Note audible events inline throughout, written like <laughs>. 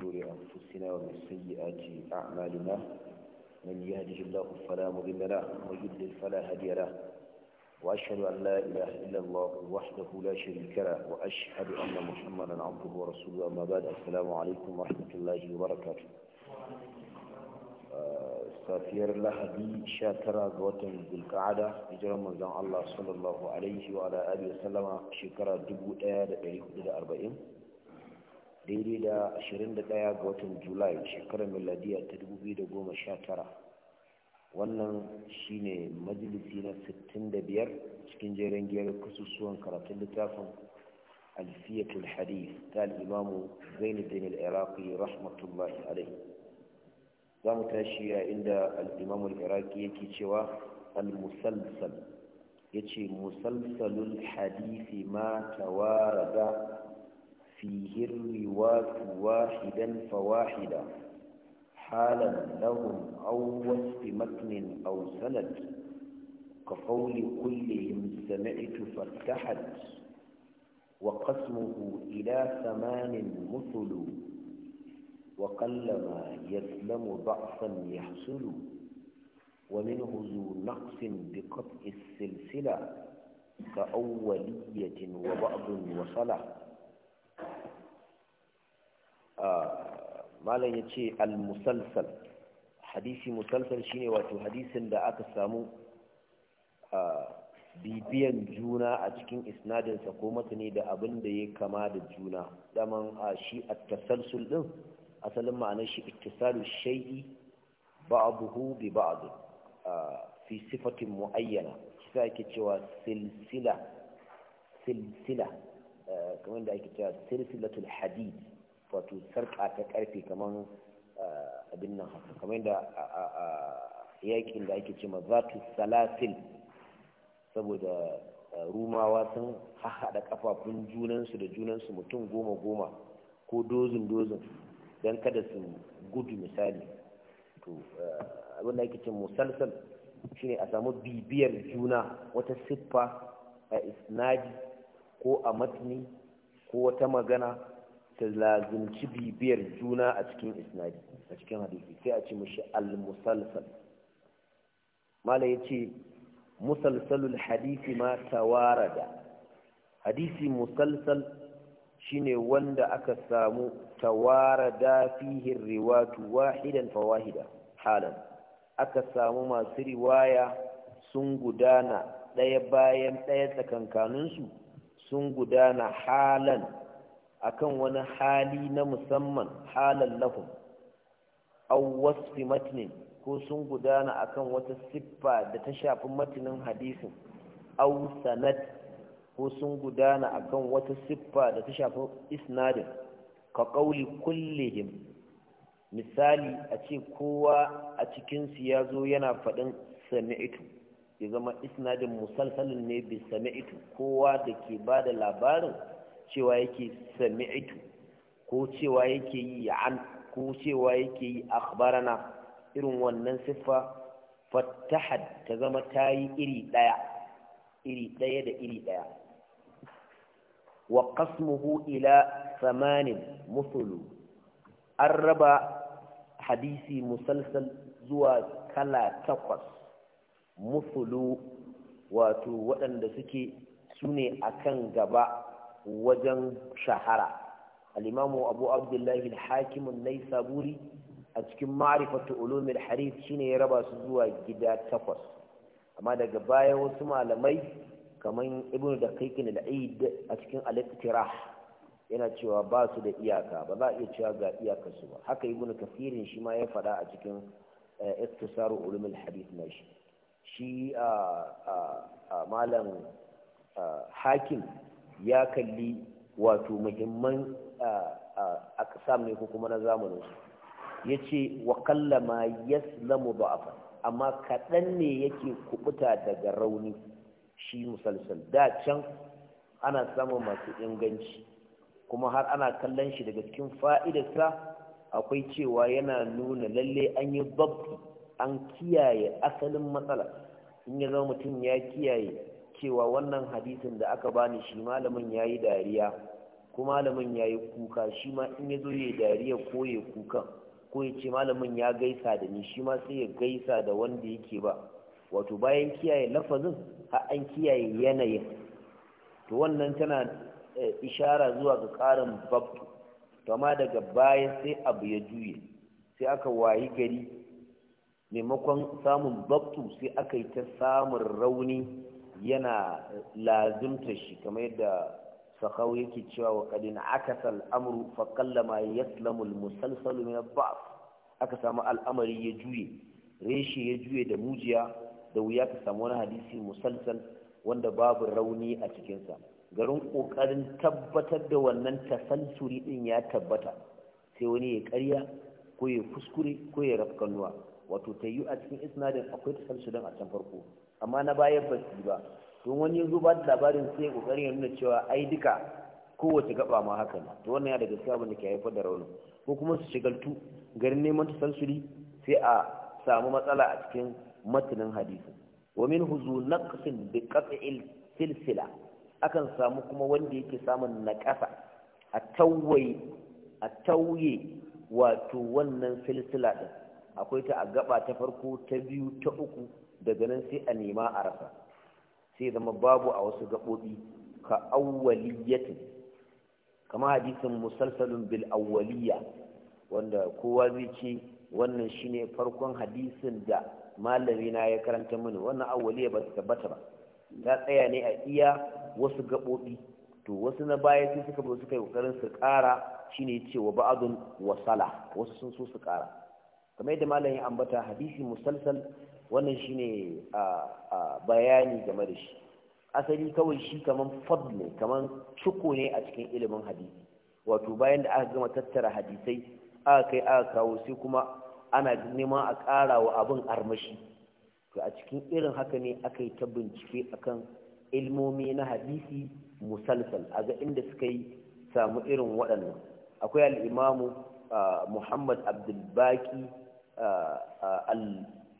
شرور أنفسنا ومن سيئات أعمالنا من يهده الله فلا مضل له ومن يضلل فلا هادي له وأشهد أن لا إله إلا الله وحده لا شريك له وأشهد أن محمدا عبده ورسوله أما بعد السلام عليكم ورحمة الله وبركاته safiyar lahadi 19 ga watan zulka'ada hijirar manzon Allah sallallahu alaihi wa ala alihi wasallama shekara 1440 daidai da 21 ga watan julai shekarar miladiyar ta 2019 wannan shine majalisi na 65 cikin jerin giyar kasusuwan karatun littafin alfiyatul hadith ta al'imamu zainuddin al'iraqi rahmatullahi alai za mu tashi a inda al'imamu al'iraqi yake cewa al-musalsal ya ce musalsalul hadithi ma da. فيه الرواة واحدا فواحدا حالا لهم أو وصف متن أو سند كقول كلهم سمعت فارتحت وقسمه إلى ثمان مثل وقلما يسلم ضعفا يحصل ومنه ذو نقص بقطع السلسلة كأولية وبعض وصلة malam ya ce al-musalsal hadisi musalsal shine wato hadisin da aka samu bibiyan juna a cikin isnadinsa ko ne da abin da ya kama da juna daman a shi a tasalsul din asalin ma'anar shi ittisalu shai'i ba'dahu bi ba'd fi sifatin muayyana shi sa yake cewa silsila silsila kamar da ake cewa silsilatul hadith wato sarƙa ta karfe kamar abin nan haka kamar yadda yakin da ake cewa zatu salasil saboda rumawa sun haɗa kafafun junansu da junansu mutum goma goma ko dozin dozin don kada su gudu misali to abin da ake cewa musalsal shine a samu bibiyar juna wata siffa a isnadi ko a matni ko wata magana ta lazimci bibiyar juna a cikin isnadi a cikin hadisi sai a ce mashi al-musalsal mala ya ce musalsalul hadisi ma tawarada hadisi musalsal shine wanda aka samu tawarada fihi riwatu wahidan fa wahida halan aka samu masu riwaya sun gudana ɗaya bayan ɗaya tsakankaninsu sun gudana halan akan wani hali na musamman halan lahum aw wasfi matnin ko sun gudana akan wata siffa da ta shafi matinin hadisin aw sanad ko sun gudana akan wata siffa da ta shafi isnadin ka qauli kullihim misali a ce kowa a cikinsu ya zo yana faɗin sami'itu ya zama isnadin musalsalin ne bi sami'itu kowa da ke ba da labarin cewa yake sami'tu ko cewa yake yi an ko cewa yake yi akhbarana irin wannan siffa fatahad ta zama tayi iri daya iri daya da iri daya wa qasmuhu ila samanin musulu an raba hadisi musalsal zuwa kala takwas musulu wato waɗanda suke su ne a kan gaba wajen shahara al'imamu abu abdullahi hakim nai saburi a cikin ma'arifatu ulumin harif shine ya raba su zuwa gida takwas amma daga baya wasu malamai kamar ibn da kaikin al'id a cikin al'iktirah yana cewa ba su da iyaka ba za a iya cewa ga iyakarsu ba haka ibn kafirin shi ma ya faɗa a cikin eh, iktisaru ulumin harif na shi shi ah, ah, ah, malam hakim ya kalli wato muhimman a ƙasa ne ko kuma na zamanin su ya ce wa kallama yaslamu ba'afa amma kaɗan ne yake kubuta daga rauni shi musalsal da can ana samun masu inganci kuma har ana kallon shi daga cikin fa'idarsa akwai cewa yana nuna lalle an yi babu an kiyaye asalin matsala in ya zama mutum ya kiyaye cewa wannan hadisin da aka bani shi malamin ya yi dariya ko malamin ya yi kuka shi ma in ya zo ya dariya ko ya kuka ko ya ce malamin ya gaisa da ni shi ma sai ya gaisa da wanda yake ba wato bayan kiyaye lafazin har an kiyaye yanayin to wannan tana eh, ishara zuwa ga karin babtu to amma daga baya sai abu ya juye sai aka wayi gari maimakon samun babtu sai aka yi ta samun rauni yana lazumta shi kamar yadda sakau yake cewa wa kadin akasa al'amru fa kallama yaslamu al-musalsalu min al aka samu al'amari ya juye reshe ya juye da mujiya da wuya ka samu wani hadisi musalsal wanda babu rauni a cikinsa garin kokarin tabbatar da wannan tasalsuri din ya tabbata sai wani ya karya ko ya kuskure ko ya rafkanuwa wato tayyu a cikin isnadin akwai tasalsulin a can farko amma na bayan ba ba don wani zo ba da labarin sai kokarin ya nuna cewa ai duka kowace gaba ma haka ne to wannan ya daga gaskiya abin da ke haifar da raunin ko kuma su shigaltu garin neman ta sansuri sai a samu matsala a cikin matanin hadisi wa min huzu naqsin bi qat'il silsila akan samu kuma wanda yake samun naƙasa a tawaye a tawaye wato wannan silsila din akwai ta a gaba ta farko ta biyu ta uku daga nan sai a nema a rasa sai zama babu a wasu gaɓoɓi ka awwaliyatin kama hadisin musalsalin bil auwaliyya wanda kowa zai ce wannan shine farkon hadisin da malamina ya karanta mini wannan auwaliyya ba su tabbata ba ta tsaya ne a iya wasu gaɓoɓi to wasu na baya sai suka bi suka yi ƙoƙarin su ƙara shine cewa ba'adun wasala wasu sun so su ƙara kamar yadda malamin ya ambata hadisi musalsal wannan shine a bayani game da shi asali kawai shi kaman fad ne kaman cuko ne a cikin ilimin hadisi wato bayan da aka gama tattara hadisai aka kai aka kawo sai kuma ana neman a ƙara wa abin armashi to a cikin irin haka ne aka yi ta bincike akan ilmomi na hadisi musalsal a ga inda suka yi samu irin waɗannan akwai al'imamu muhammad abdulbaki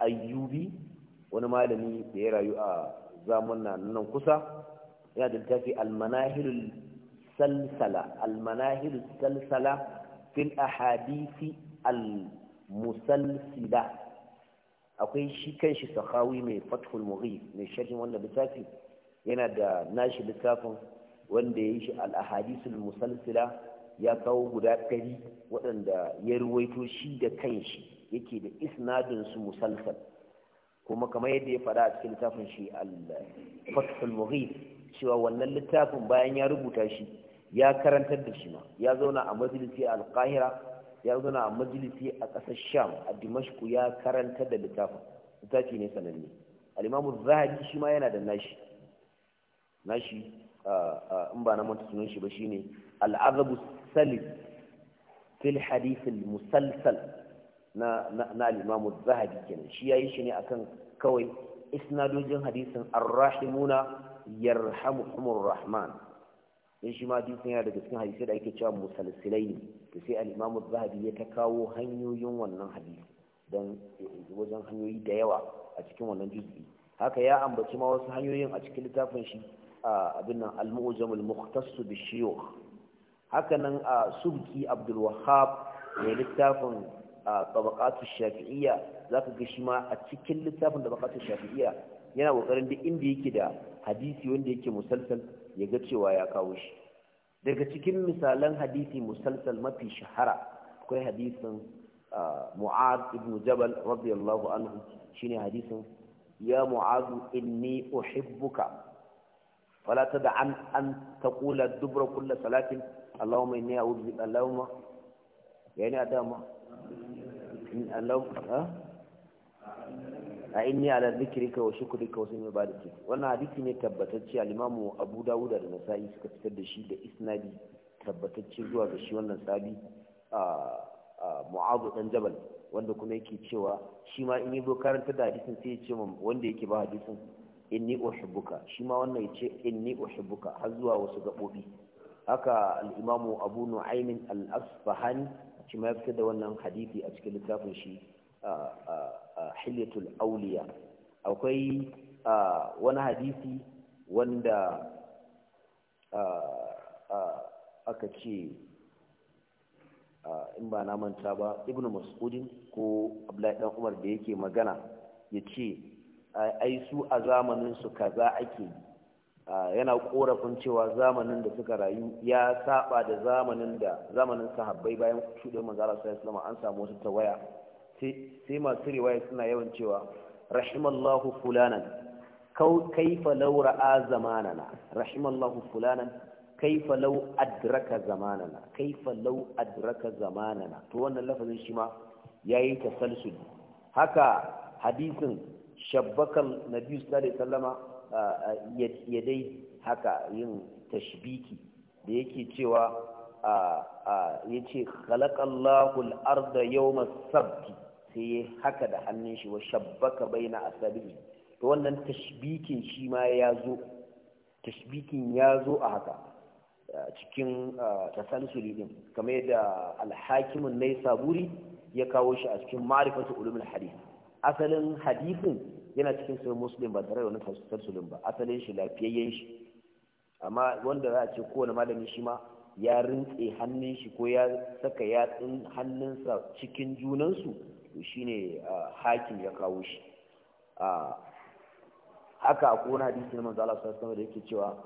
ayyubi wani malami da ya rayu a zamanna nan kusa yana da littafi almanahilul salsala almanahilul salsala fil ahadisi al-musalsila akwai shi kanshi sahawi mai fathul mughif mai sharhin wannan littafi yana da nashi littafin wanda ya yi shi al-ahadisul musalsila ya kawo guda ɗari waɗanda ya ruwaito shi da kanshi yake da isnadin su musalsal kuma kamar yadda ya faɗa a cikin littafin shi al-fathul mughith cewa wannan littafin bayan ya rubuta shi ya karantar da shi ma ya zauna a majalisi a alƙahira ya zauna a majalisi a ƙasar sham a dimashku ya karantar da littafin littafi ne sananne al'imamu zahabi shi ma yana da nashi nashi in ba na manta sunan shi ba shine al'azabu salim fil hadith al-musalsal na na limamu zahabi kenan shi ya yi shi ne akan kawai isnadojin hadisin arrahimuna umar rahman in shi ma hadisin yana daga cikin hadisai da ake cewa musalsilai to sai al zahabi ya ta kawo hanyoyin wannan hadisi don wajen hanyoyi da yawa a cikin wannan juz'i haka ya ambaci ma wasu hanyoyin a cikin littafin shi abin nan al-mu'jam bi shuyukh haka nan subki abdul wahhab ne littafin tabaqatu shafi'iyya zaka ga shi ma a cikin littafin tabaqatu shafi'iyya yana kokarin duk inda yake da hadisi wanda yake musalsal ya ga cewa ya kawo shi daga cikin misalan hadisi musalsal mafi shahara akwai hadisin mu'ad ibn jabal radiyallahu anhu shine hadisin ya mu'ad inni uhibbuka ولا تدع أن, أن تقول الدبر كل صلاة اللهم إني أعوذ بك اللهم يعني أدامه in Allah a inni ala zikrika wa shukrika wa sun ce wannan hadisi ne tabbatacce al-Imam Abu Dawud da Nasa'i suka fitar da shi da isnadi tabbatacce zuwa ga shi wannan sabi Mu'adh dan Jabal wanda kuma yake cewa shi ma in zo karanta da hadisin sai ya ce wanda yake ba hadisin inni uhibbuka shi ma wannan ya ce inni uhibbuka har zuwa wasu gabobi haka al Abu Nu'aym al-Asfahani shi ma ya fitar da wannan hadisi a cikin littafin shi a hilyatul auliya akwai wani hadisi wanda aka ce in ba na manta ba ibn mas'udin ko abdullahi dan umar da yake magana ya ce ai su a zamaninsu kaza ake yi yana korafin cewa zamanin da suka rayu ya saba da zamanin da zamanin sahabbai bayan shuɗe manzara sai alaihi an samu wasu tawaya sai masu riwaya suna yawan cewa rahimallahu fulanan kaifa law ra'a zamanana rahimallahu fulanan kaifa lau adraka zamanana kaifa lau adraka zamanana to wannan lafazin shi ma yayi tasalsul haka hadisin shabbakal nabi sallallahu alaihi wasallama yadai haka yin tashbiki da yake cewa ya ce khalaqallahul arda yawma sabti sai ya haka da hannun shi wa shabbaka baina asabihi to wannan tashbikin shi ma ya zo tashbikin ya zo a haka cikin tasalsuli din kamar yadda alhakimin nai saburi ya kawo shi a cikin ma'rifatu ulumul hadith asalin hadithin yana cikin sai muslim ba tare da wani tafsirin ba asalin shi lafiyayyen shi amma wanda za a ce kowane malami shi ma ya rintse hannun shi ko ya saka yatsun hannunsa cikin junansu to shine hakim ya kawo shi haka akwai hadisi na manzo Allah sallallahu da yake cewa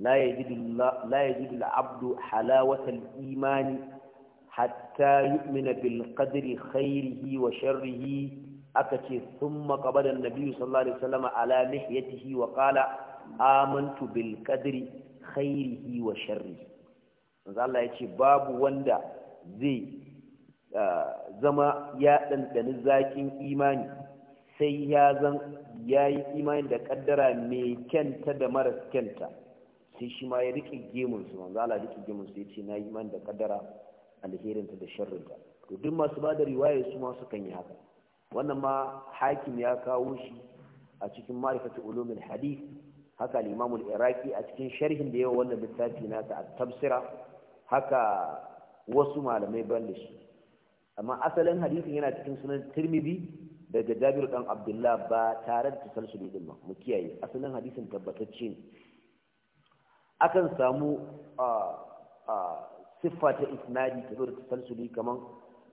la yajidu la yajidu abdu halawatan imani hatta yu'mina bil qadri khairihi wa sharrihi aka ce sun makabadan nabi sallallahu alaihi ya ala mihyatihi wa ƙala amantu bil qadri khairihi wa sharrihi manzo ya ce babu wanda zai ah, zama ya ɗanɗani zaƙin imani sai ya zan ya yi imani da ƙaddara mai kyanta da maras kyanta sai shi ma ya riƙe gemunsu manzo Allah riƙe gemunsu ya ce na yi imani da ƙaddara alherinta da sharrinta to duk masu ba da riwaya su ma sukan yi haka wannan ma hakim ya kawo shi a cikin ma'rifatu ulumin hadith haka al Iraki a cikin sharhin da yawa wannan littafi nasa ta tafsira haka wasu malamai ban da shi amma asalin hadisin yana cikin sunan tirmidhi daga jabir dan abdullah ba tare da tasalsuli din ba mu kiyaye asalin hadisin tabbatacce ne akan samu a ah, ah, siffa ta isnadi ta zo da tasalsuli kaman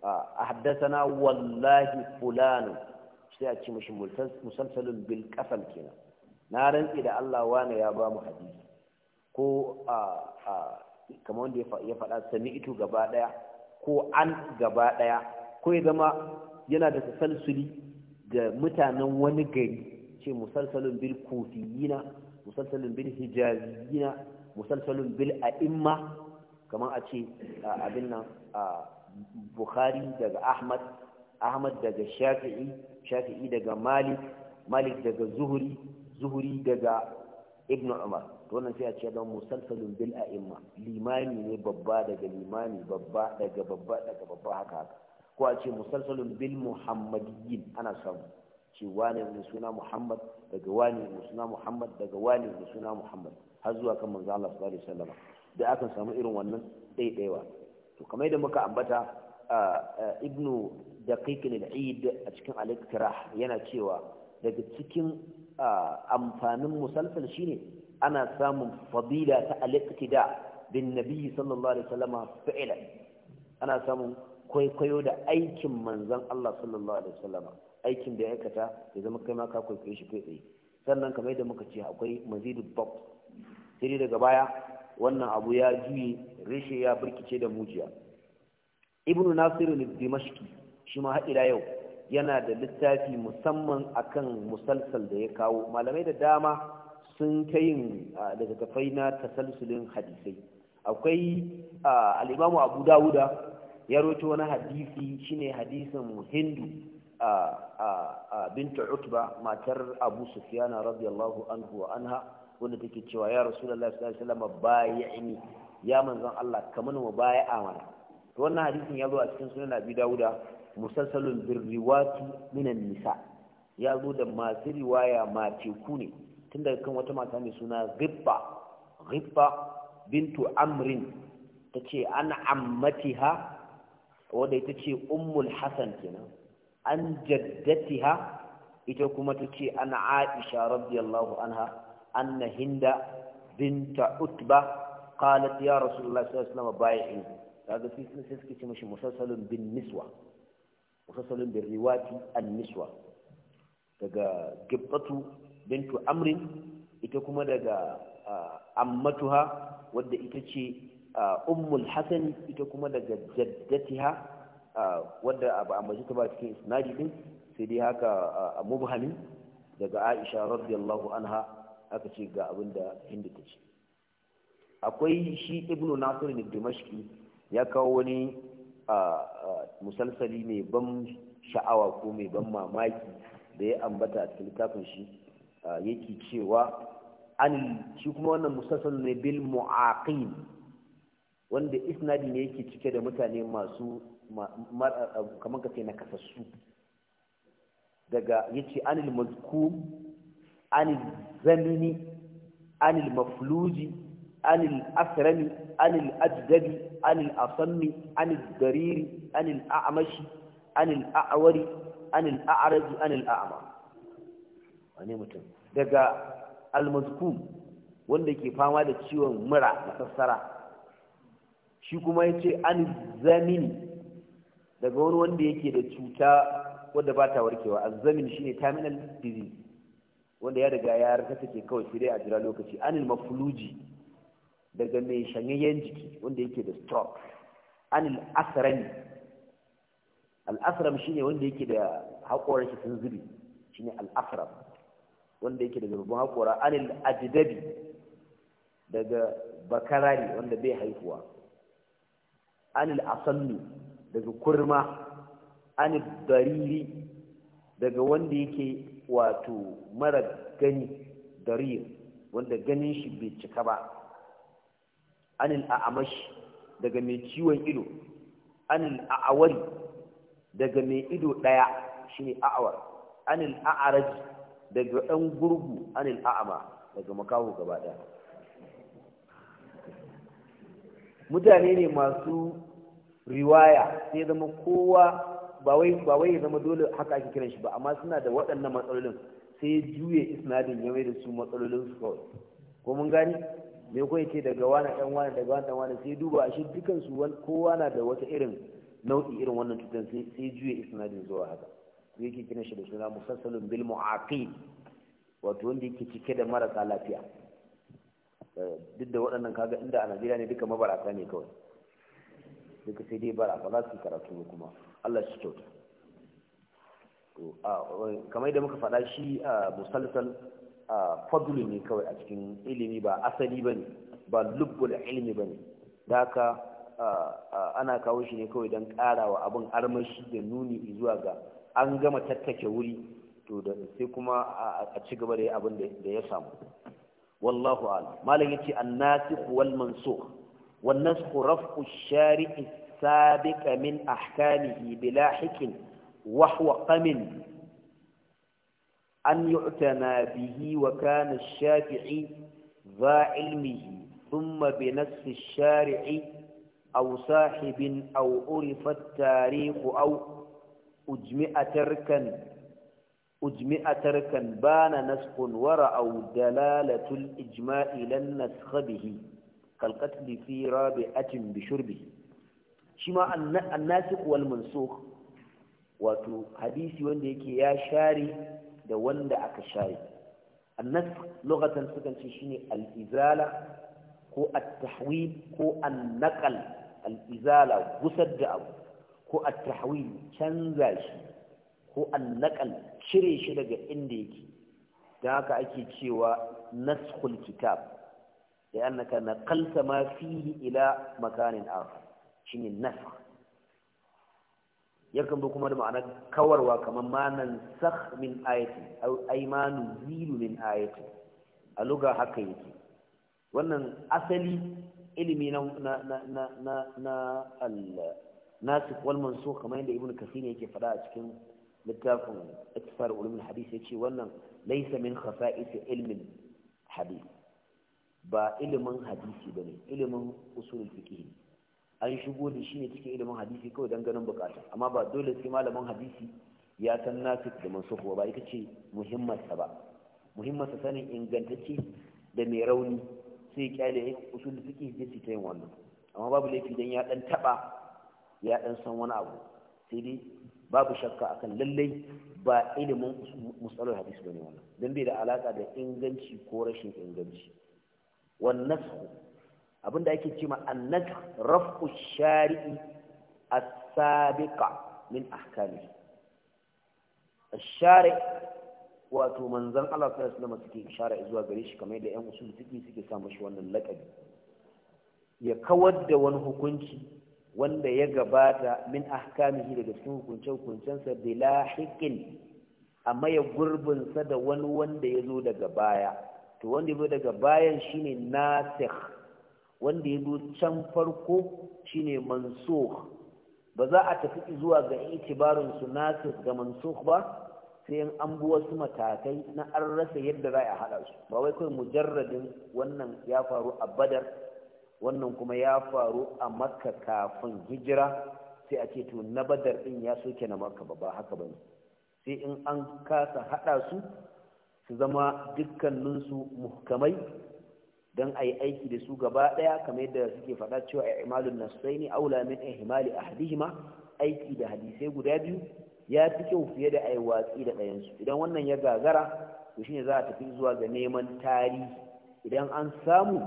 A حدثنا والله فلان sai a ce mashi musalsalin bil kasan kenan na rantsi da Allah wane ya ba mu hadisi ko kamar wanda ya faɗa sami ito gaba ɗaya ko an gaba ɗaya ko ya zama yana da tasalsuli ga mutanen wani gari ce musalsalin bil yina, musalsalin bil hijaziyina musalsalin bil a'imma kamar a ce abin nan bukhari daga ahmad ahmad daga shafi'i shafi'i daga malik malik daga zuhuri zuhuri daga Ibn umar wannan sai a ce don musalsalin bil a'imma Limani ne babba daga Limani, babba daga babba daga babba haka haka ko a ce musalsalin bil muhammadiyin ana samu ce wane ne suna muhammad daga wane ne suna muhammad daga wane ne suna muhammad har zuwa kan manzo Allah sallallahu alaihi wasallam da aka samu irin wannan ɗaiɗaiwa to kamar yadda muka ambata ibnu daqiqil al-eid a cikin al-iktirah yana cewa daga cikin amfanin musalsal shine ana samun fadila ta al iktida bin nabi sallallahu alaihi wasallam fa'ila ana samun kwaikwayo da aikin manzon Allah sallallahu alaihi wasallam aikin da ya aikata ya zama kai ma ka kwaikwaye shi kai sannan kamar yadda muka ce akwai mazidul bab sai daga baya wannan abu ya juye reshe ya birkice da mujiya ibnu nasiru dimashqi shi ma haɗira yau yana da littafi musamman akan musalsal da ya kawo malamai da dama sun kai yin littattafai na tasalsulin hadisai akwai al'imamu abu dawuda ya roto wani hadisi shine hadisin hindu a binta utba matar abu sufyana radiyallahu anhu wa anha wanda take cewa ya rasulullahi sallallahu alaihi wasallam bai'ni ya manzon Allah kamar mu bai'a mana to wannan hadisin ya zo a cikin sunan Abi Dawuda musalsalun birriwati minan nisa ya zo da masu riwaya mateku ne tun daga kan wata mata mai suna Ghibba Ghibba bintu Amrin tace ana ammatiha wanda ita ce Ummul Hasan kenan an jaddatiha ita kuma tace ana Aisha radiyallahu anha أن هند بنت أتبة قالت يا رسول الله صلى الله عليه وسلم بايعي هذا في سلسلة مش مسلسل بالنسوة مسلسل بالرواة النسوة daga gibbatu bintu amrin ita kuma daga ammatuha wadda ita ce ummul hasan ita kuma daga jaddatiha wadda ba a majita ba cikin isnadi din sai dai haka mubhamin daga aisha radiyallahu anha aka ce ga abin da hindu ta ce akwai shi ibnu nasir ne dimashki ya kawo wani musalsali mai ban sha'awa ko mai ban mamaki da ya ambata a cikin littafin shi yake cewa an shi kuma wannan musalsal ne bil mu'aqin wanda isnadi ne yake cike da mutane masu kamar ka ce na kasassu daga yace anil mazkum anil zamini anil mafluji anil الأسرم anil ajdadi anil asammi anil dariri anil الأعمش anil الأعور anil الأعرج anil الأعمى wani mutum daga almazkum wanda ke fama da ciwon mura masassara shi kuma ya ce an zamini daga wani wanda yake da cuta wadda ba ta warkewa shi ne terminal disease wanda ya riga ya rasa take kawai shi dai a jira lokaci anil mafluji daga mai shanyayyen jiki wanda yake da stroke anil asrami al asram shine wanda yake da haƙoran shi sun zubi shine al asram wanda yake da zubin haƙora anil ajdabi daga bakarari wanda bai haihuwa anil asallu daga kurma anil dariri daga wanda yake wato mara gani riyar, wanda ganin shi bai cika ba anil a'amashi daga mai ciwon ido anil a'awari daga mai ido ɗaya shine a'awar anil a'araji daga ɗan gurgu anil a'ama daga makaho gaba ɗaya mutane ne masu riwaya sai zama kowa ba wai ya zama dole haka ake kiran shi ba amma suna da waɗannan matsalolin sai ya juye isnadin ya mai da su matsalolin su kawai ko mun gani me ko yake daga wani ɗan wani daga wani ɗan wani sai duba a shi dukan su kowa na da wata irin nau'i irin wannan cutar sai ya juye isnadin zuwa haka ko yake kiran shi da suna musassalun bil mu'aqid wato wanda yake cike da marasa lafiya eh, duk da waɗannan kaga inda a Najeriya ne duka mabarata ne kawai duka sai dai bara ba za su karatu kuma Allah shi kyauta kamar da muka faɗa shi a musalsal fadulu ne kawai a cikin ilimi ba asali ba ne ba lubbul ilimi ba ne da haka ana kawo shi ne kawai don ƙarawa abin armashi da nuni zuwa ga an gama tattake wuri to da sai kuma a ci gaba da yi abin da ya samu wallahu a'lam malam yace an wal mansukh wan ku raf'u shari'i السابق من أحكامه بلاحك وهو قمن أن يعتنى به وكان الشافعي ذا علمه ثم بنفس الشارع أو صاحب أو عرف التاريخ أو أجمع تركا أجمع تركا بان نسخ ورأوا دلالة الإجماع لن نسخ به كالقتل في رابعة بشربه shi ma annasikh wal mansukh wato hadisi wanda yake ya share da wanda aka share annasikh lughatan sukan ce shine al-izala ko at-tahwil ko an-naqal al-izala gusar da abu ko at-tahwil canza shi ko an-naqal cire shi daga inda yake da haka ake cewa naskhul kitab da annaka naqalta ma fihi ila makanin akhar shine nafa yakan bi kuma da ma'anar kawarwa kamar manan sakh min ayati ay manu zilu min ayati a luga haka yake wannan asali ilimi na na na na na al nasikh wal mansukh kamar yadda ibnu kasir yake fada a cikin littafin iktisar ulumul hadith yace wannan laysa min khasa'is ilmin hadith ba ilimin hadisi bane ilimin usulul fiqh an shigo da shi ne cikin ilimin hadisi kawai don ganin bukata amma ba dole sai malamin hadisi ya san nasu da mansuhuwa ba ita ce muhimmansa ba muhimmansa sanin ingantacce da mai rauni sai kyale yin usul fiqh da su ta yin wannan amma babu laifi dan ya dan taba ya dan san wani abu sai dai babu shakka akan lallai ba ilimin musalar hadisi ne wannan dan bai da alaka da inganci ko rashin inganci wannan abinda ake cewa annaka rafu shari'i as-sabiqa min ahkami ash-shari wato manzon Allah sallallahu alaihi wasallam suke ishara zuwa gare shi kamar da ƴan usul fiqi suke sa mashi wannan laqabi ya kawar da wani hukunci wanda ya gabata min ahkamihi daga cikin hukunce-hukuncensa bila hikin amma ya gurbinsa da wani wanda ya zo daga baya to wanda ya zo daga bayan shine nasikh wanda ya zo can farko shine ne ba za a tafi zuwa ga itibarin su nasis ga mansuk ba sai an bi wasu matakai na an rasa yadda za a haɗa su ba wai kawai mujarradin wannan ya faru a badar wannan kuma ya faru a makka kafin hijira sai a ce to na badar ɗin ya soke na makka ba ba haka bane sai in an kasa haɗa su su zama dukkaninsu muhkamai don a yi aiki da su gaba ɗaya kamar yadda suke faɗa cewa a imalun nasaini aula min ihmali hadihima aiki da hadisai guda biyu ya fi kyau fiye da ayi watsi da ɗayansu idan wannan ya gagara to shine za a tafi zuwa ga neman tarihi idan an samu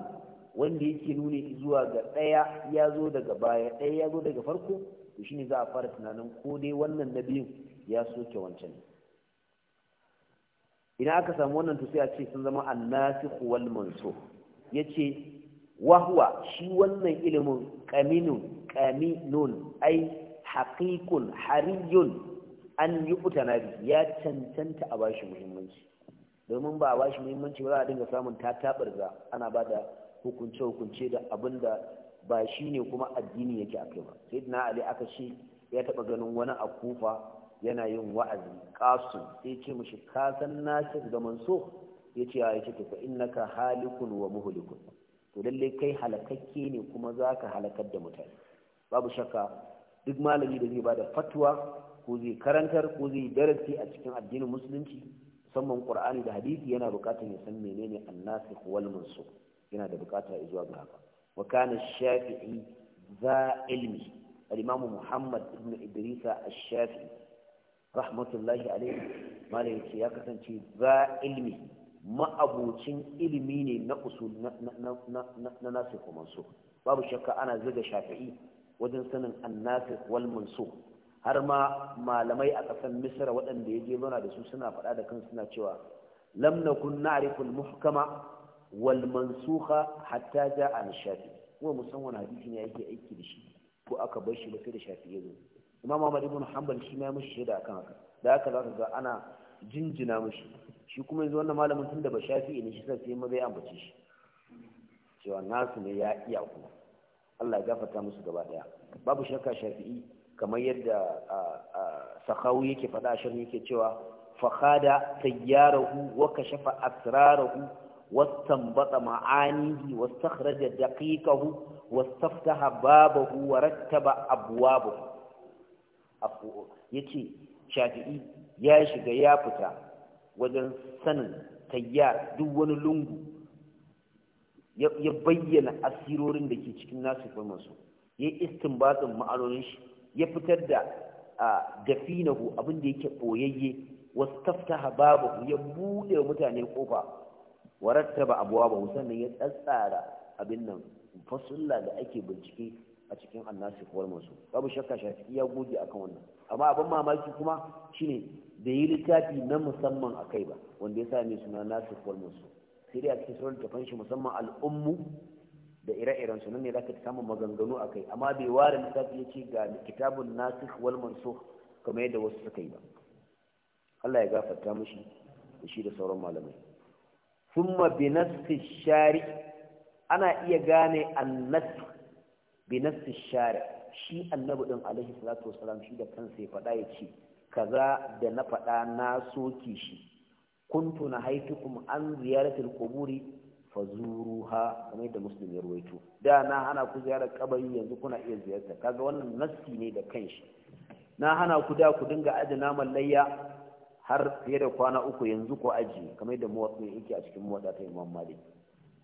wanda yake nuni zuwa ga ɗaya ya zo daga baya ɗaya ya zo daga farko to shine za a fara tunanin ko dai wannan na biyun ya soke wancan idan aka samu wannan to sai a ce sun zama annasikh wal mansukh ya ce wahuwa shi wannan ilimin kaminun kaminun ai haƙiƙun hariyun an yi utanabi ya cancanta a bashi muhimmanci domin ba a bashi muhimmanci ba za a dinga samun ta za ana ba da hukunce-hukunce da abinda ba shi ne kuma addini yake a kai ba sai na ali aka ce ya taɓa ganin wani a kufa yana yin wa'azi kasu sai ce mashi kasan nasir da manso ya ce ya ce tafi innaka halikun wa muhulikun. to lalle kai halakakke ne kuma za ka halakar da mutane babu shakka duk malami da zai bada fatwa ko zai karantar ko zai darasi a cikin addinin musulunci musamman qur'ani da hadisi yana bukatar ya san menene annasikh wal yana da bukata ya zuwa ga haka wa kana shafi'i za ilmi al-imam muhammad ibn idrisa ash-shafi'i rahmatullahi alayhi malai ya kasance za ilmi ma'abocin ilimi ne na usul na nasikh wa mansukh babu shakka ana zuga shafi'i wajen sanin annasi wal mansukh har ma malamai a ƙasar misra waɗanda ya je mana da su suna faɗa da kansu suna cewa lam nakun na'rifu al muhkama wal mansukha hatta ja'a al shafi'i kuma musamman hadisi ne yake aiki da shi ko aka bar shi ba sai da shafi'i zo imam ahmad ibn hanbal shi ne ya mishi da akan haka da haka zaka ga ana jinjina mishi shi kuma yanzu wannan malamin tun da ba shafi ne shi sai ma zai ambace shi cewa nasu ne ya iya ku Allah ya gafarta musu gaba daya babu shakka shafi'i kamar yadda sakawu yake faɗa shirin yake cewa fakhada tayyarahu wa kashafa asrarahu واستنبط معانيه wa دقيقه babahu wa rattaba abwabahu yace shafi'i ya shiga ya fita wajen sanin tayyar duk wani lungu ya bayyana asirorin da ke cikin nasu su ya yi istinbatsin ma'anonin shi ya fitar da na abin da yake ɓoyayye wasu taftaha babu ya buɗe mutane ƙofa wa ba abuwa ba sannan ya tsatsara abin nan fasulla da ake bincike a cikin annasu kuwar babu shakka shafi ya goge akan wannan amma abin mamaki kuma shine da yi littafi na musamman a kai ba wanda ya sa mai suna nasu walmansu sai dai a cikin sauran tafan shi musamman al'ummu da ire-iren su nan ne za ka samu maganganu a kai amma bai ware littafi ya ce ga kitabun nasu su, kamar yadda wasu suka yi ba Allah ya gafarta mushi da shi da sauran malamai summa bi nasu shari ana iya gane annasu bi shari shi annabi ɗin alaihi salatu wasalam shi da kansa ya faɗa ya ce kaza da na faɗa na soke shi kuntu na kuma an fa zuru ha kamar yadda musulmi ya ruwaito da na hana ku ziyarar kabari yanzu kuna iya ziyarta kaga wannan nasti ne da kanshi na hana ku da ku dinga ajiye naman layya har fiye da kwana uku yanzu ko aji kamar yadda muwatsi yake a cikin muwatsa ta imam malik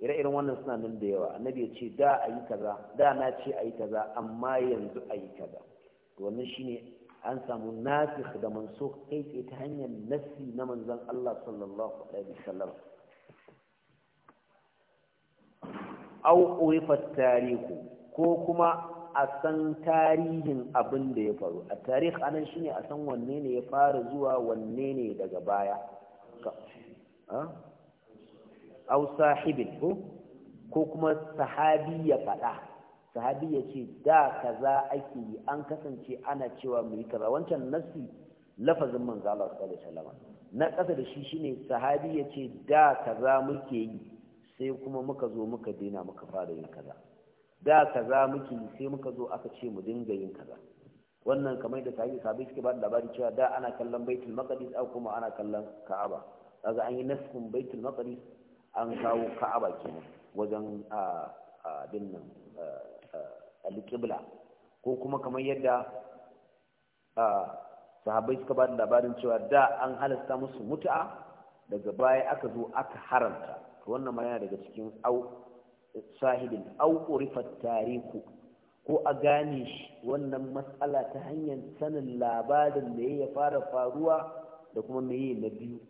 ire-iren wannan suna nan da yawa annabi ya ce da ayi kaza da na ce ayi kaza amma yanzu ayi kaza to wannan shine an samu nasi da manso kai ta hanyar nassi na manzon Allah sallallahu alaihi wasallam au urifa tarihu ko kuma a san tarihin abin da ya faru a tarih anan shine a san wanne ne ya fara zuwa wanne ne daga baya au sahibin ko kuma sahabi ya faɗa sahabi ya ce da kaza ake yi an kasance ana cewa mu yi kaza wancan nassi lafazin manzo Allah sallallahu alaihi na kasa da shi shine sahabi ya ce da kaza muke yi sai kuma muka zo muka daina muka fara yin kaza da kaza muke yi sai muka zo aka ce mu dinga yin kaza wannan kamar da sahabi sahabi suke ba da labari cewa da ana kallon baitul maqdis au kuma ana kallon ka'aba kaga an yi nasfin baitul maqdis an kawo ka'aba kenan wajen a dinnan Eh, alƙibla ko kuma kamar yadda eh, sahabbai suka ba da labarin cewa da an halasta musu mutu'a daga baya aka zo aka haramta wannan ma yana daga cikin au sahibin au urifat tariku ko a gane shi wannan matsala ta hanyar sanin labarin da ya fara faruwa da kuma yi na biyu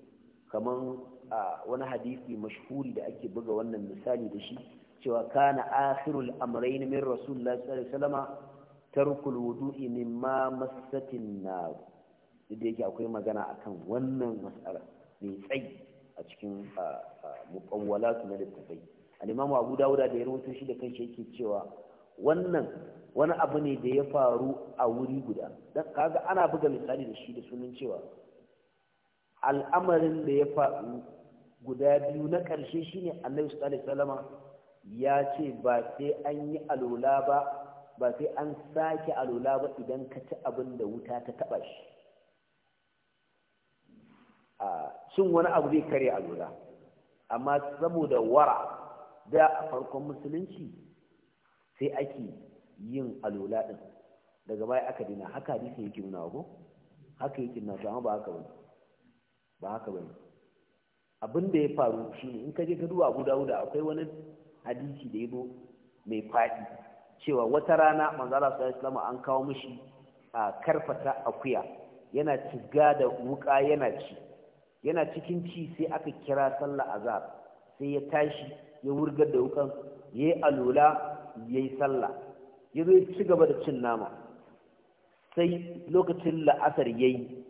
kamar eh, wani hadisi mashhuri da ake buga wannan misali da shi cewa kana akhirul amrayn min rasulullah sallallahu alaihi wasallama tarkul wudu'i mimma massatin nar da yake akwai magana akan wannan mas'ala mai tsayi a cikin muqawwalatu na littafai al-imamu abu dawuda da yaro rawaito shi da kanshi yake cewa wannan wani abu ne da ya faru a wuri guda dan kaga ana buga misali da shi da sunan cewa al'amarin da ya faru guda biyu na ƙarshe shine annabi sallallahu alaihi wasallam ya ce ba sai an yi alola ba ba sai an sake alola ba idan ka ci abin da wuta ta taba shi a cin wani abu zai kare alola amma saboda wara da a farkon musulunci sai ake yin alola din daga baya aka dina haka dika yake nuna ko haka yake nuna to amma ba haka bane ba haka bane abin da ya faru shine in ka je ka duba Abu guda akwai wani hadisi da ya zo mai faɗi cewa wata rana manzala su islamu an kawo mishi a karfata akuya yana ciga da wuka yana ci yana cikin ci sai aka kira sallah azab sai ya tashi ya wurgar da wukan ya yi alula ya yi sallah ya zo ci gaba da cin nama sai lokacin la'asar ya yi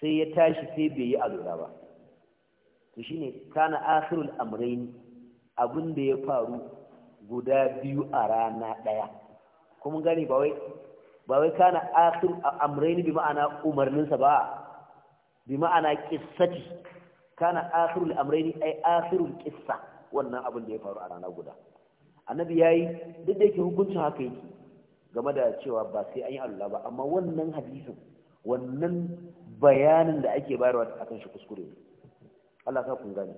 sai ya tashi sai bai yi alula ba to shine kana akhirul amrayni abin da ya faru guda biyu a rana ɗaya kuma gani ba wai ba wai kana akhir amrayni bi ma'ana umarninsa ba bi ma'ana qissati kana akhirul amrayni ai akhirul qissa wannan abin da ya faru a rana guda annabi yayi duk da yake hukuncin haka yake game da cewa ba sai an yi allula ba amma wannan hadisin wannan bayanin da ake bayarwa akan shi kuskure Allah ka kun gani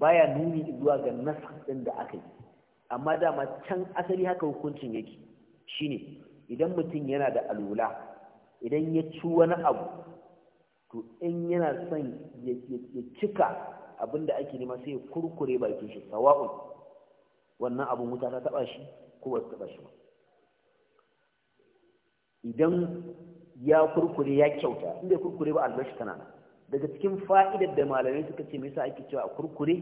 baya nuni zuwa ga nasa ɗin da aka yi amma dama can asali haka hukuncin yake shine idan mutum yana da alwula idan ya ci wani abu to in yana son ya cika abin da ake nema sai ya kurkure bakin shi sawa'un wannan abin wuta ta taba shi ko ba taba shi ba idan ya kurkure ya kyauta inda ya kurkure ba albashi tana nan daga cikin fa'idar da malamai suka ce misa ake cewa a kurkure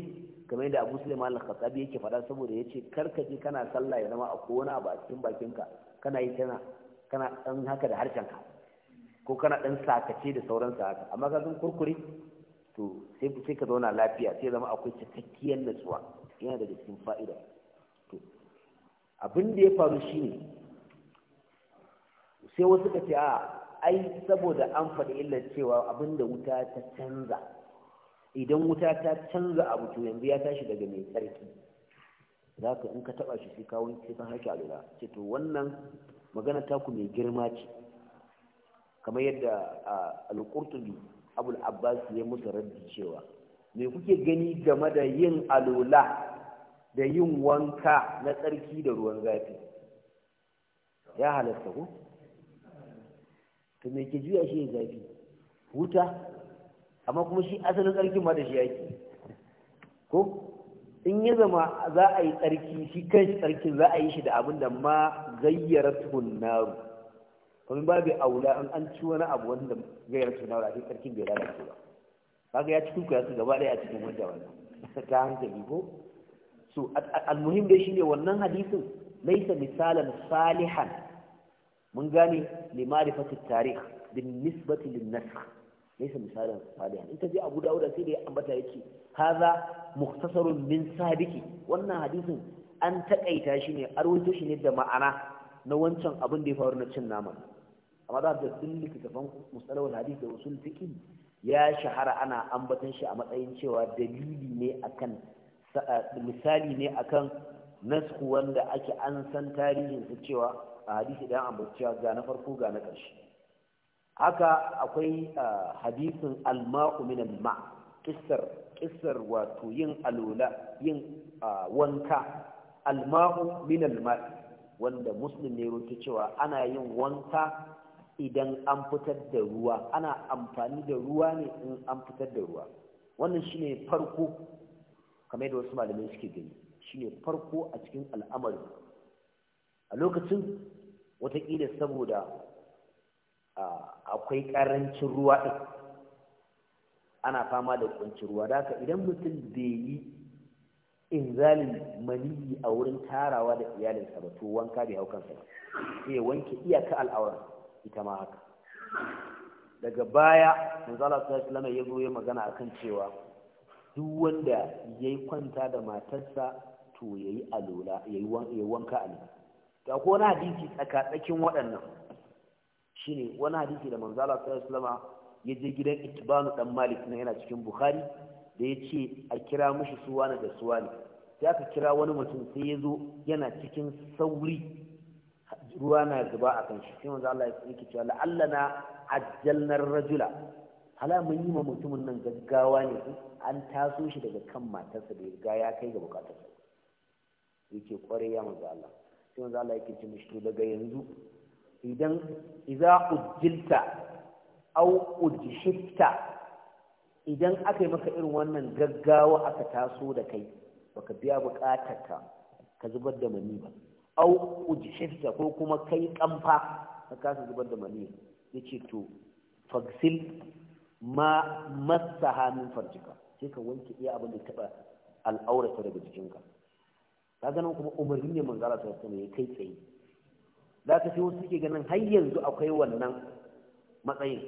kamar yadda abu suleiman al-khattabi yake faɗa saboda ya ce karkace kana sallah ya zama a kowane abu a cikin bakinka kana yi tana kana ɗan haka da harshenka ko kana ɗan sakace da sauran haka amma ka zan kurkure to sai sai ka zauna lafiya sai zama akwai cikakkiyar natsuwa yana daga cikin fa'ida to abin da ya faru shine sai wasu ka ce a ai saboda an faɗi illar cewa abinda wuta ta canza idan wuta ta canza abu to yanzu ya tashi daga mai tsarki za ka in ka taɓa shi sai kawo sai kan haƙi alula ce to wannan magana taku mai girma ce kamar yadda alƙurtubi abul abbas ya musu raddi cewa me kuke gani game da yin alula da yin wanka na tsarki da ruwan zafi ya halasta ku to me ke juya shi ya zafi wuta amma kuma shi asalin tsarkin ma da shi yake ko in ya zama za a yi tsarki shi kan shi tsarkin za a yi shi da abin da ma gayyara tuhun naru ba bai aula an an ci wani abu wanda gayyara tuhun naru a cikin tsarkin bai lalace ba kaga ya cikin kuya su gaba ɗaya a cikin wanda wannan ta hankali ko so al-muhim dai shine wannan hadisin laisa misalan salihan mun gane limarifati tarikh bin nisbati lin nasakh laysa misalan sadihan in ta je Abu Dawud sai da ya ambata yake hadha mukhtasarun min sabiki wannan hadisin an takaita shi ne arwato shi ne da ma'ana na wancan abin da ya faru na cin nama amma za ka sun littattafan musalawar hadisi da usul fiqh ya shahara ana ambaton shi a matsayin cewa dalili ne akan misali ne akan nasku wanda ake an san tarihin su cewa a hadisi ɗayan ambaciya ga na farko ga na ƙarshe haka akwai hadisin alma'u min ma kissar kissar wato yin alola yin wanka alma'u min alma wanda muslim ne rutu cewa ana yin wanka idan an fitar da ruwa ana amfani da ruwa ne in an fitar da ruwa wannan shine farko kamar da wasu malamai suke gani shine farko a cikin al'amari a lokacin watakila saboda akwai ƙarancin ruwa ɗin ana fama da ƙuncin ruwa da haka idan mutum bai yi inzalin maniyi a wurin tarawa da iyalinsa ba to wanka bai hau kansa ba sai ya wanke iyaka al'aura ita ma haka daga baya manzala sallallahu alaihi ya zo ya magana akan cewa duk wanda yayi kwanta da matarsa to yayi alola yayi wanka a ga ko wani hadisi tsaka tsakin waɗannan ne wani hadisi da Manzala ta sallallahu ya je gidan itibanu ɗan Malik na yana cikin Buhari da ya ce a kira mishi suwana da suwani sai aka kira wani mutum sai ya zo yana cikin sauri ruwa na zuba a kan shi sai manzo Allah ya ce cewa la'allana ajjalna rajula hala mun yi ma mutumin nan gaggawa ne an taso shi daga kan matarsa da ya ya kai ga bukatarsa yake kwarai ya manzo Allah sai manzo Allah yake ce mishi to daga yanzu idan idza ujjilta aw ujshifta idan aka yi maka irin wannan gaggawa aka taso da kai baka biya bukatar ka zubar da mani ba aw ujshifta ko kuma kai kamfa ka kasa zubar da mani yace to fagsil ma massaha min farjika sai ka wanke iya abin da taba al'aurata daga jikinka ka ganin kuma umarni ne manzara ta wasu ne kai tsaye za ka fi wasu ke ganin har yanzu akwai wannan matsayin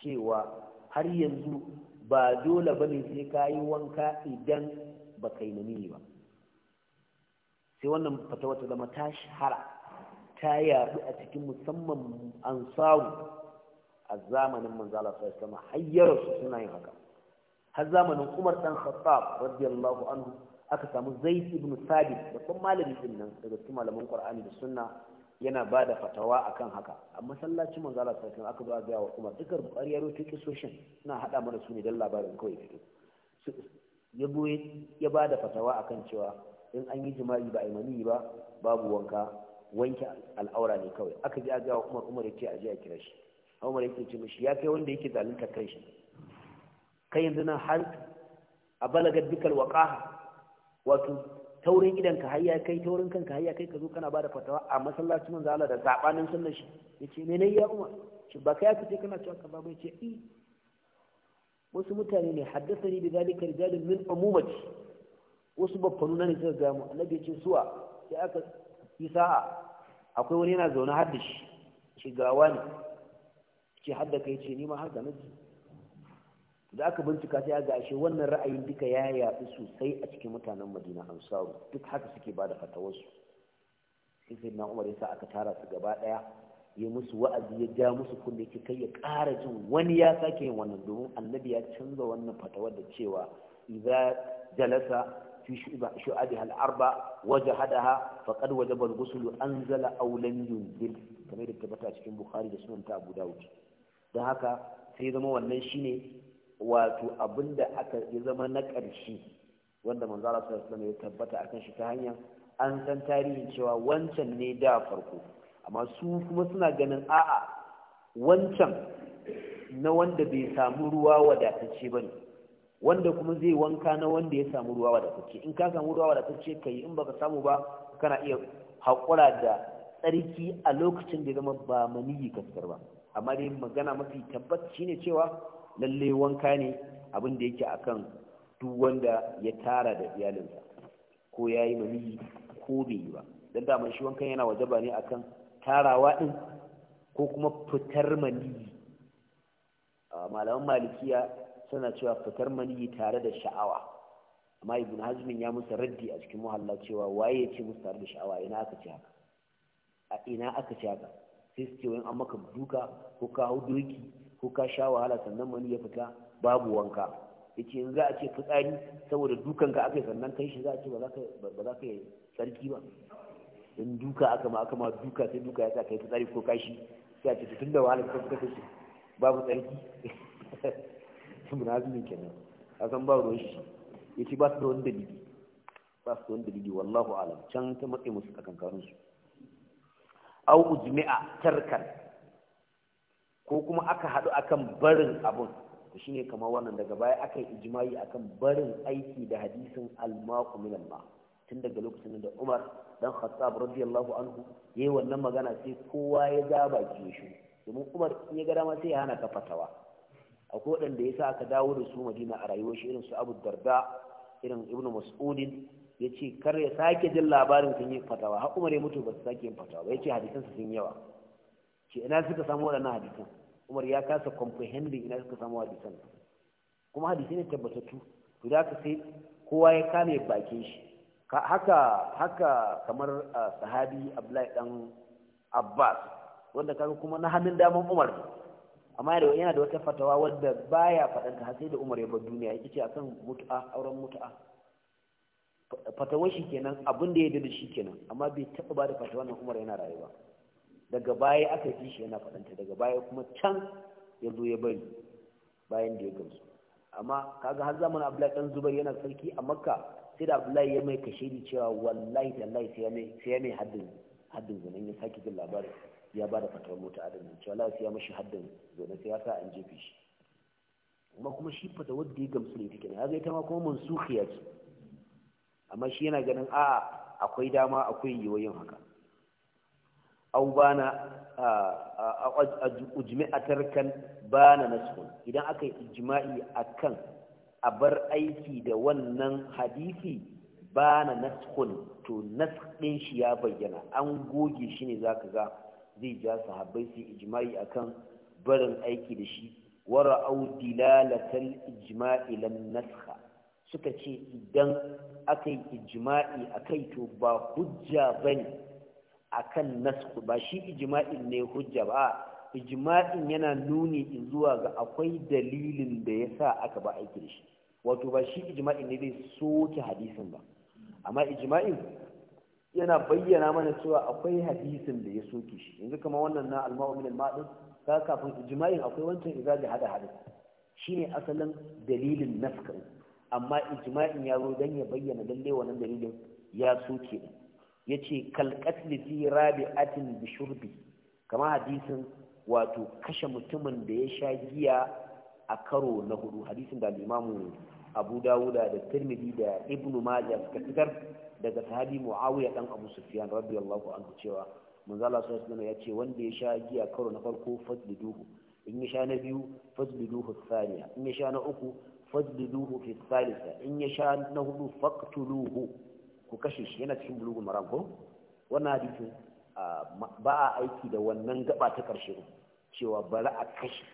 cewa har yanzu ba dole ba ne sai ka yi wanka idan ba kai namiji ba sai wannan fata wata zama ta shahara ta yaɗu a cikin musamman samu a zamanin manzala sallallahu sama. hayyarsu suna yin haka har zamanin Umar ɗan Khattab radiyallahu anhu aka samu zaid ibn sabit da kuma malami din nan daga cikin malaman qur'ani da sunna yana ba da fatawa akan haka a masallacin manzo Allah sallallahu aka zo ga wa Umar dukkan Bukhari ya rawaito kisoshin suna hada mana su ne dan labarin kawai fito ya boye ya ba fatawa akan cewa in an yi jima'i ba aimani ba babu wanka wanke al'aura ne kawai aka ji ga wa Umar Umar yake aje a kira shi Umar yake ce mishi ya kai wanda yake zalunta kai shi kai yanzu nan har a balagar dukkan waqaha wato taurin idan ka hayya kai taurin kan ka hayya kai ka zo kana bada fatawa a masallaci manzo Allah da sabanin sunnar shi yace me ne ya umar shi ba kai ka ce kana cewa ka babu yace ce i wasu mutane ne haddathani bi zalika rijal min umumati wasu baffanu na ne suka ga mu annabi yace suwa sai aka yi sa'a akwai wani yana zaune haddashi shi gawa ne ce hadda kai ce ni ma har da miji da aka bincika sai ga ashe wannan ra'ayin duka ya yaɗu sosai a cikin mutanen madina ansaru duk haka suke ba da fatawarsu sai sai na umar yasa aka tara su gaba ɗaya ya musu wa'azi ya ja musu kunne ki kai ya ƙara jin wani ya sake yin wannan domin annabi ya canza wannan fatawar da cewa idza jalasa fi shu'abi al-arba wajahadaha faqad wajaba al-ghusl anzala aw lam yunzil kamar da tabbata cikin bukhari da sunan ta abu dawud dan haka sai zama wannan shine wato abinda aka yi zama na ƙarshe wanda manzara sallallahu alaihi ya tabbata akan shi ta hanyar an san tarihin cewa wancan ne da farko amma su kuma suna ganin a'a wancan na wanda bai samu ruwa wadatacce bane wanda kuma zai wanka na wanda ya samu ruwa wadatacce in ka samu ruwa wadatacce kai in baka samu ba kana iya haƙura da tsarki a lokacin da ya zama ba maniyi kaskar ba amma dai magana mafi tabbaci shine cewa lalle wanka ne abin da yake akan duk wanda ya tara da iyalinsa ko ya yi maniyi ko bai yi ba don daman shi wankan yana wajaba ne akan tarawa din ko kuma fitar maniyi malaman malikiya suna cewa fitar maniyi tare da sha'awa amma ibn hazmin ya musa raddi a cikin muhalla cewa waye ya ce musu tare da sha'awa ina aka ce haka a ina aka ce haka sai su ce wani an maka duka ko ka hau doki ko ka sha wahala sannan mani ya fita babu wanka yace in za a ce fitsari saboda dukan ka yi sannan kai shi za a ce ba za ka yi sarki ba in duka aka ma aka ma duka sai duka ya sa kai fitsari ko kashi sai a ce da wahala ka fita kashi babu sarki <laughs> munafikin kenan a san ba ruwan shi ya ce ba su da wani dalili ba su da wani dalili wallahu alam can ta matse musu kankanin su au ujmi'a tarkar ko kuma aka haɗu akan barin abun to shine kamar wannan daga baya aka yi ijma'i akan barin aiki da hadisin alma'u min al tun daga lokacin da Umar dan Khattab radiyallahu anhu yayi wannan magana sai kowa ya zaba baki shi domin Umar in ya ga dama sai ya hana ka fatawa akwai waɗanda ya sa aka dawo da su Madina a rayuwar shi irin su Abu Darda irin Ibn Mas'udin ya ce kar ya sake jin labarin sun yi fatawa har Umar ya mutu ba su sake yin fatawa ba ya ce hadisansa sun yawa ke ina suka samu waɗannan hadisan umar ya kasa comprehending ina suka samu hadisan kuma hadisi ne tabbatattu to da ka sai kowa ya kame bakin shi haka haka kamar sahabi abdullahi dan abbas wanda kaga kuma na hannun daman umar amma yana da wata fatawa wadda baya faɗanta har sai da umar ya bar duniya yake ce akan mutu'a auren mutu'a fatawar shi kenan abin da ya da shi kenan amma bai taba ba da fatawar umar yana rayuwa daga baya aka ji shi yana faɗanta daga baya kuma can ya zo ya bari bayan da ya gamsu amma kaga har zamanin abdullahi dan zubair yana sarki a makka sai da abdullahi ya mai kashiri cewa wallahi tallahi sai ya mai haddin haddin zanen ya sake jin labarin ya ba da fatar mota adam ne cewa lafiya mashi haddin zaune sai ya sa an jefe shi amma kuma shi fata wadda ya gamsu ne take ya ga ta ma kuma ce amma shi yana ganin a'a akwai dama akwai yiwuwar yin haka au bana ujmi a tarkan bana nasu idan aka yi ijma'i akan a bar aiki da wannan hadisi bana nasu to nasu shi ya bayyana an goge shi ne zaka ga zai ja sahabbai su ijma'i akan barin aiki da shi wara'au dilalatal ijma'i lan naskha suka ce idan aka yi ijma'i akai to ba hujja bane akan nasku ba shi ijma'in ne hujja ba ijma'in yana nuni zuwa ga akwai dalilin da ya sa aka ba aiki da shi wato ba shi ijma'in ne zai soke hadisin ba amma ijma'in yana bayyana mana cewa akwai hadisin da ya soke shi yanzu kama wannan na alma'u min al-ma'din ka kafin ijma'in akwai wancan idza bi hada shi shine asalin dalilin naska amma ijma'in ya zo dan ya bayyana lalle wannan dalilin ya soke din yace kalqatli fi rabi'atin bi shurbi kama hadisin wato kashe mutumin da ya sha giya a karo na hudu hadisin da al-imamu Abu Dawuda da Tirmidhi da Ibn Majah suka fitar daga sahabi Muawiya dan Abu Sufyan radiyallahu anhu cewa manzo Allah sallallahu alaihi ya ce wanda ya sha giya karo na farko fadliduhu in ya sha na biyu fadliduhu thaniya in ya sha na uku fadliduhu fi thalitha in ya sha na hudu faqtuluhu ku kashe shi yana cikin bulugun maram ko wannan hadisin ba a aiki da wannan gaba ta karshe cewa bari a kashe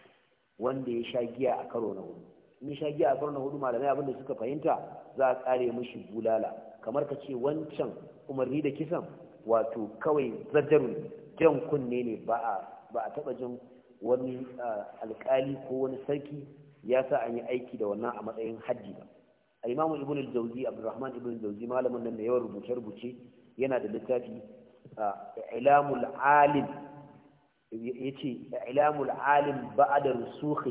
wanda ya sha giya a karo na hudu in ya sha giya a karo na hudu malamai abinda suka fahimta za a kare mishi bulala kamar ka ce wancan umarni da kisan wato kawai zajarun jan kunne ne ba a taba jin wani alkali ko wani sarki ya sa an yi aiki da wannan a matsayin hajji ba الإمام ابن الجوزي عبد الرحمن ابن الجوزي ما لم ننن يورب وشرب وشي ينادى بالتاتي آه، إعلام العالم إعلام العالم بعد رسوخ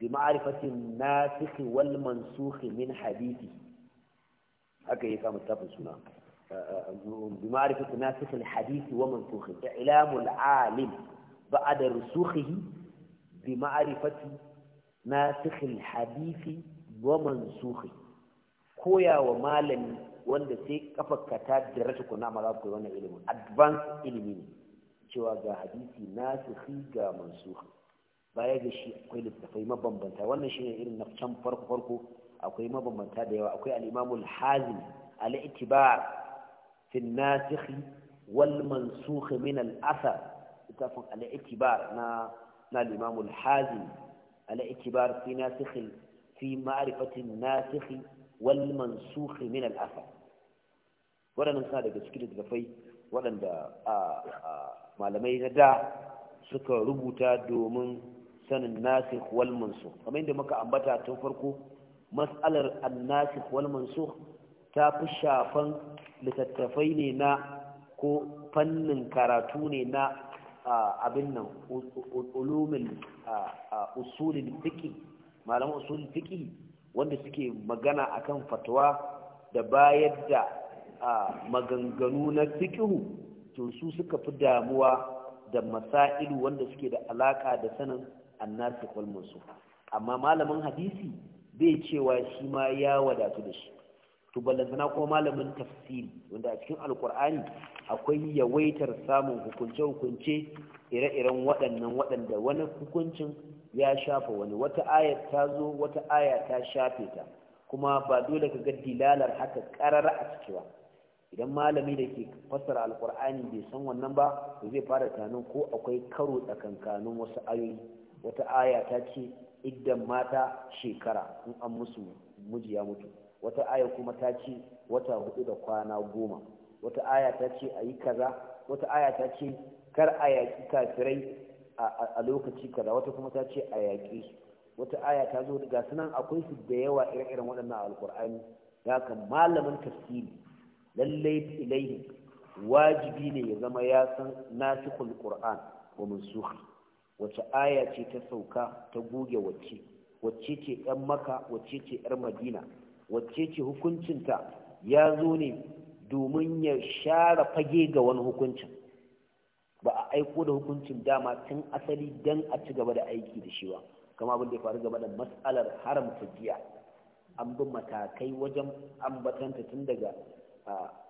بمعرفة الناسخ والمنسوخ من حديثه هكا يفهم التفل سنة آه، آه، بمعرفة ناسخ الحديث ومنسوخ إعلام العالم بعد رسوخه بمعرفة ناسخ الحديث wa mansukhi koya wa malami wanda sai kafa ta dira tukuna ma za ku yi wannan ilimin advanced ilimi ne cewa ga hadisi nasikhi ga mansuhi baya ga shi akwai littafai mabambanta wannan shine irin na can farko farko akwai mabambanta da yawa akwai alimamul imam al itibar fi an-nasikh wal mansukh min littafin al-Itibar na alimamul al-Imam itibar fi nasikh fi ma'arifatin nasikhi wal mansukhi min al athar waɗannan suna daga cikin littattafai waɗanda malamai na da suka rubuta domin sanin nasikh wal mansukh kamar yadda muka ambata tun farko mas'alar an-nasikh wal mansukh ta fi shafan littattafai ne na ko fannin karatu ne na abin nan a usulin fiqh malaman sun fiqi wanda suke magana akan fatwa da bayar da maganganu na fiqhu to su suka fi damuwa da masailu wanda suke da alaƙa da sanin annasikh wal amma malamin hadisi bai cewa shi ma ya wadatu da shi to ballantana kuma malamin tafsiri wanda a cikin alkur'ani akwai yawaitar samun hukunce-hukunce ire-iren waɗannan waɗanda wani hukuncin ya shafa wani wata ayar ta zo wata aya ta shafe ta kuma ba dole ka ga dilalar haka karara a ciki ba idan malami da ke fassara alkur'ani bai san wannan ba zai fara tunanin ko akwai karo tsakankanin wasu ayoyi wata aya ta ce idan mata shekara in an musu miji ya mutu wata aya kuma ta ce wata hudu da kwana goma wata aya ta ce a yi kaza wata aya ta ce kar a yaƙi kafirai a lokaci kaza wata kuma ta ce a yaƙi. wata aya ta zo ga sunan akwai su da yawa ire-iren waɗannan Alƙur'ani. ya kan malamin tafsiri lallai ilaihi wajibi ne ya zama ya san nasikul qur'an wa mansukhi wace aya ce ta sauka ta goge wacce wacce ce ɗan maka wacce ce ɗan madina wacce ce hukuncinta ya zo ne domin ya share fage ga wani hukuncin ba a aiko da hukuncin dama tun asali dan a ci gaba da aiki da shi ba kama abin da ya faru gaba da matsalar haramta giya an bi matakai wajen ambatanta tun daga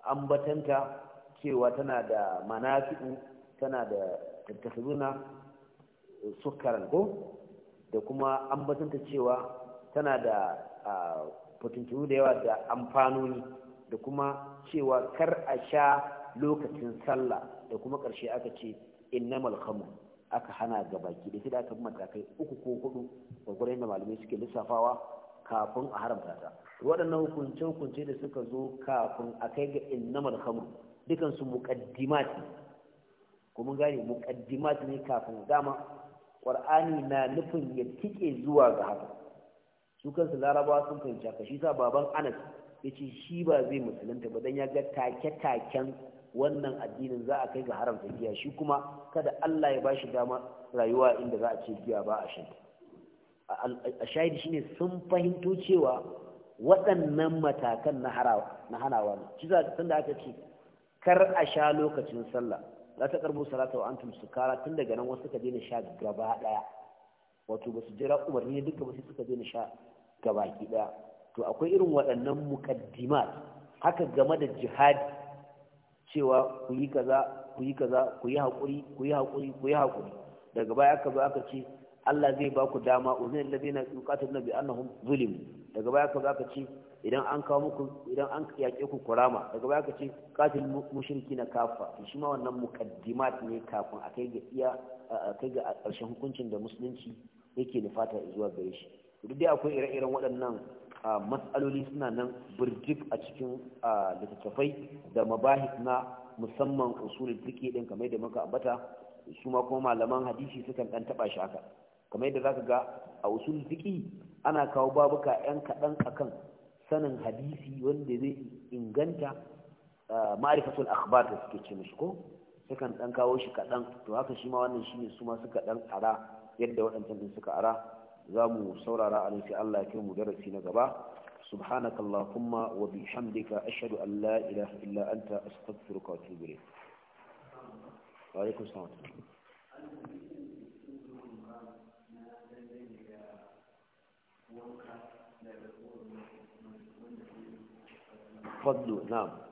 ambatanta cewa tana da manafi'u tana da tattasuna sukaran ko da kuma ambatanta cewa tana da potentiyu da yawa da amfanoni da kuma cewa kar a sha lokacin sallah da kuma ƙarshe aka ce innamal khamr aka hana ga baki da sai da aka bi matakai uku ko hudu gwagwarin da malamai suke lissafawa kafin a haramta ta waɗannan hukunce-hukunce da suka zo kafin a kai ga innamal khamr dukan su muqaddimat kuma gane muqaddimat ne kafin dama qur'ani na nufin ya tike zuwa ga haka su kansu larabawa sun fahimci haka shi sa baban anas ya ce shi ba zai musulunta ba dan ya ga take-taken wannan addinin za a kai ga haramta giya shi kuma kada Allah ya bashi dama rayuwa inda za a ce giya ba a shan a shahidi shine sun fahimto cewa waɗannan matakan na hanawa ne shi za tun da aka ce kar a sha lokacin sallah za ta karbo salata wa antum sukara tun daga nan wasu suka daina sha gaba ɗaya wato ba su jira umarni duka ba su suka daina sha gaba ɗaya to akwai irin waɗannan mukaddimat haka game da jihadi cewa ku yi kaza ku yi kaza ku yi haƙuri ku yi haƙuri ku yi haƙuri daga baya aka zo aka ce Allah zai ba ku dama uzin allazina yuqatiluna bi annahum zulim daga baya aka zo aka ce idan an kawo muku idan an yaƙe ku kurama daga baya aka ce qatil na kafa shi ma wannan muqaddimat ne kafin a kai ga iya kai ga ƙarshen hukuncin da musulunci yake nufata zuwa gare shi duk dai akwai ire-iren waɗannan matsaloli suna nan burjik a cikin littattafai da mabahis na musamman usulul fiqh din kamar da muka ambata su ma kuma malaman hadisi sukan kan taba shi haka kamar yadda zaka ga a usulul fiqh ana kawo babuka yan kaɗan akan sanin hadisi wanda zai inganta ma'rifatul akhbar da suke ce mishi ko sukan dan kawo shi kaɗan to haka shi ma wannan shine su ma suka dan ara yadda waɗancan din suka ara za mu saurara a nufi Allah ya mu darasi na gaba subhanaka allahumma wa bihamdika ashhadu an la ilaha illa anta astaghfiruka wa atubu ilayk wa alaikum assalam فضل نعم